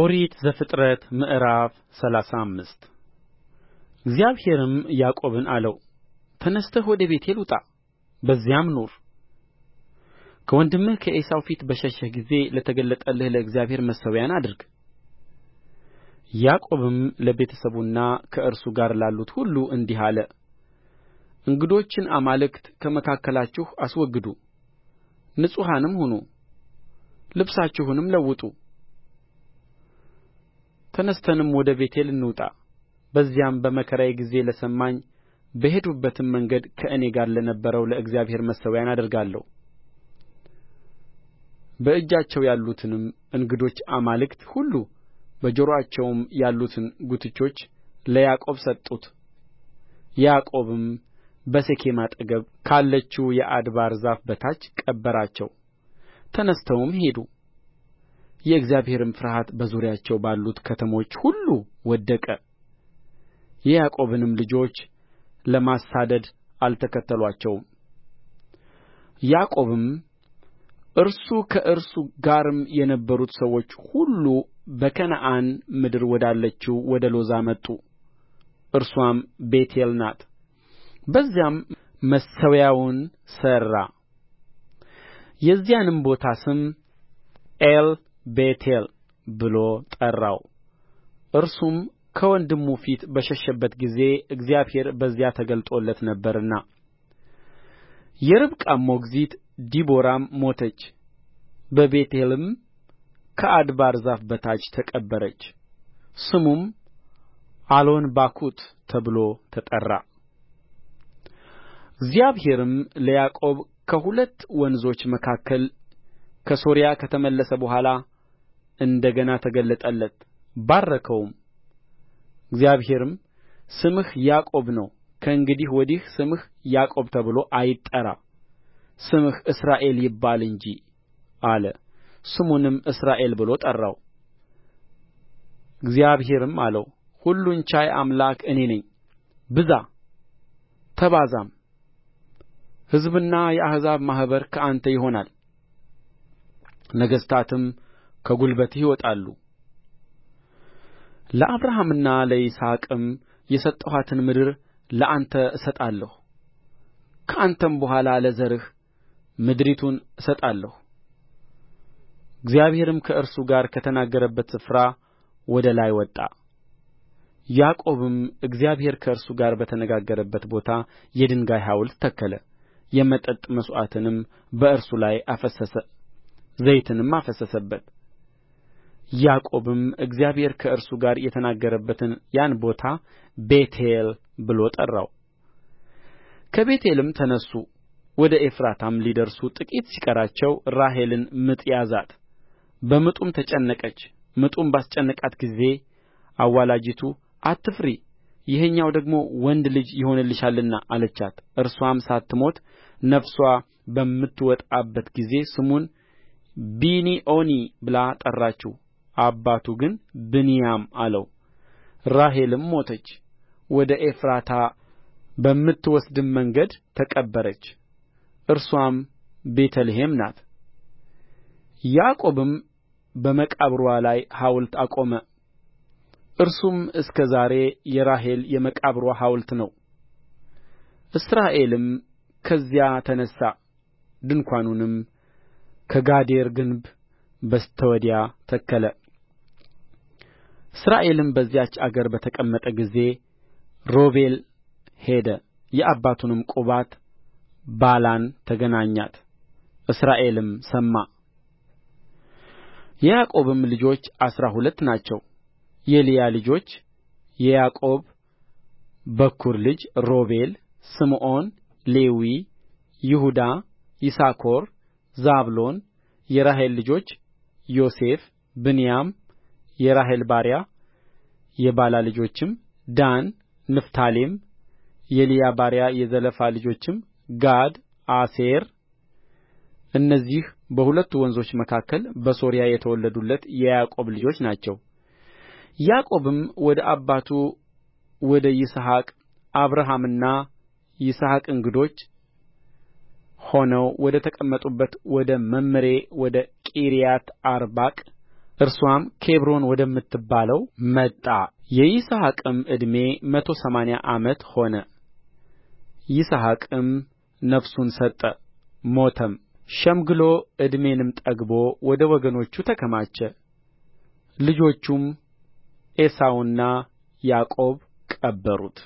ኦሪት ዘፍጥረት ምዕራፍ ሰላሳ አምስት እግዚአብሔርም ያዕቆብን አለው ተነሥተህ ወደ ቤቴል ውጣ በዚያም ኑር ከወንድምህ ከዔሳው ፊት በሸሸህ ጊዜ ለተገለጠልህ ለእግዚአብሔር መሠዊያን አድርግ ያዕቆብም ለቤተሰቡና ከእርሱ ጋር ላሉት ሁሉ እንዲህ አለ እንግዶችን አማልክት ከመካከላችሁ አስወግዱ ንጹሓንም ሁኑ ልብሳችሁንም ለውጡ ተነሥተንም ወደ ቤቴል እንውጣ በዚያም በመከራዬ ጊዜ ለሰማኝ በሄድሁበትም መንገድ ከእኔ ጋር ለነበረው ለእግዚአብሔር መሠዊያን አደርጋለሁ በእጃቸው ያሉትንም እንግዶች አማልክት ሁሉ በጆሮአቸውም ያሉትን ጕትቾች ለያዕቆብ ሰጡት ያዕቆብም በሴኬም አጠገብ ካለችው የአድባር ዛፍ በታች ቀበራቸው ተነሥተውም ሄዱ የእግዚአብሔርም ፍርሃት በዙሪያቸው ባሉት ከተሞች ሁሉ ወደቀ የያዕቆብንም ልጆች ለማሳደድ አልተከተሉአቸውም ያዕቆብም እርሱ ከእርሱ ጋርም የነበሩት ሰዎች ሁሉ በከነዓን ምድር ወዳለችው ወደ ሎዛ መጡ እርስዋም ቤቴል ናት በዚያም መሠዊያውን ሠራ የዚያንም ቦታ ስም ኤል ቤቴል ብሎ ጠራው እርሱም ከወንድሙ ፊት በሸሸበት ጊዜ እግዚአብሔር በዚያ ተገልጦለት ነበርና የርብቃም ሞግዚት ዲቦራም ሞተች በቤቴልም ከአድባር ዛፍ በታች ተቀበረች ስሙም አሎንባኩት ተብሎ ተጠራ እግዚአብሔርም ለያዕቆብ ከሁለት ወንዞች መካከል ከሶርያ ከተመለሰ በኋላ እንደ ገና ተገለጠለት ባረከውም እግዚአብሔርም ስምህ ያዕቆብ ነው ከእንግዲህ ወዲህ ስምህ ያዕቆብ ተብሎ አይጠራ ስምህ እስራኤል ይባል እንጂ አለ ስሙንም እስራኤል ብሎ ጠራው እግዚአብሔርም አለው ሁሉን ቻይ አምላክ እኔ ነኝ ብዛ ተባዛም ሕዝብና የአሕዛብ ማኅበር ከአንተ ይሆናል ነገሥታትም ከጕልበትህ ይወጣሉ ለአብርሃምና ለይስሐቅም የሰጠኋትን ምድር ለአንተ እሰጣለሁ ከአንተም በኋላ ለዘርህ ምድሪቱን እሰጣለሁ እግዚአብሔርም ከእርሱ ጋር ከተናገረበት ስፍራ ወደ ላይ ወጣ ያዕቆብም እግዚአብሔር ከእርሱ ጋር በተነጋገረበት ቦታ የድንጋይ ሐውልት ተከለ የመጠጥ መሥዋዕትንም በእርሱ ላይ አፈሰሰ ዘይትንም አፈሰሰበት ያዕቆብም እግዚአብሔር ከእርሱ ጋር የተናገረበትን ያን ቦታ ቤቴል ብሎ ጠራው ከቤቴልም ተነሡ ወደ ኤፍራታም ሊደርሱ ጥቂት ሲቀራቸው ራሔልን ምጥ ያዛት በምጡም ተጨነቀች ምጡም ባስጨነቃት ጊዜ አዋላጂቱ አትፍሪ ይኸኛው ደግሞ ወንድ ልጅ ይሆንልሻልና አለቻት እርስዋም ሳትሞት ነፍሷ በምትወጣበት ጊዜ ስሙን ቢኒዖኒ ብላ ጠራችው አባቱ ግን ብንያም አለው ራሔልም ሞተች ወደ ኤፍራታ በምትወስድም መንገድ ተቀበረች እርስዋም ቤተልሔም ናት ያዕቆብም በመቃብርዋ ላይ ሐውልት አቆመ እርሱም እስከ ዛሬ የራሔል የመቃብርዋ ሐውልት ነው እስራኤልም ከዚያ ተነሣ ድንኳኑንም ከጋዴር ግንብ በስተ ወዲያ ተከለ እስራኤልም በዚያች አገር በተቀመጠ ጊዜ ሮቤል ሄደ የአባቱንም ቁባት ባላን ተገናኛት እስራኤልም ሰማ የያዕቆብም ልጆች አሥራ ሁለት ናቸው የልያ ልጆች የያዕቆብ በኵር ልጅ ሮቤል ስምዖን ሌዊ ይሁዳ ይሳኮር ዛብሎን የራሔል ልጆች ዮሴፍ ብንያም የራሔል ባሪያ የባላ ልጆችም ዳን ንፍታሌም የልያ ባሪያ የዘለፋ ልጆችም ጋድ አሴር እነዚህ በሁለቱ ወንዞች መካከል በሶርያ የተወለዱለት የያዕቆብ ልጆች ናቸው ያዕቆብም ወደ አባቱ ወደ ይስሐቅ አብርሃምና ይስሐቅ እንግዶች ሆነው ወደ ተቀመጡበት ወደ መምሬ ወደ ቂርያትአርባቅ እርስዋም ኬብሮን ወደምትባለው መጣ የይስሐቅም ዕድሜ መቶ ሰማንያ ዓመት ሆነ ይስሐቅም ነፍሱን ሰጠ ሞተም ሸምግሎ ዕድሜንም ጠግቦ ወደ ወገኖቹ ተከማቸ ልጆቹም ዔሳውና ያዕቆብ ቀበሩት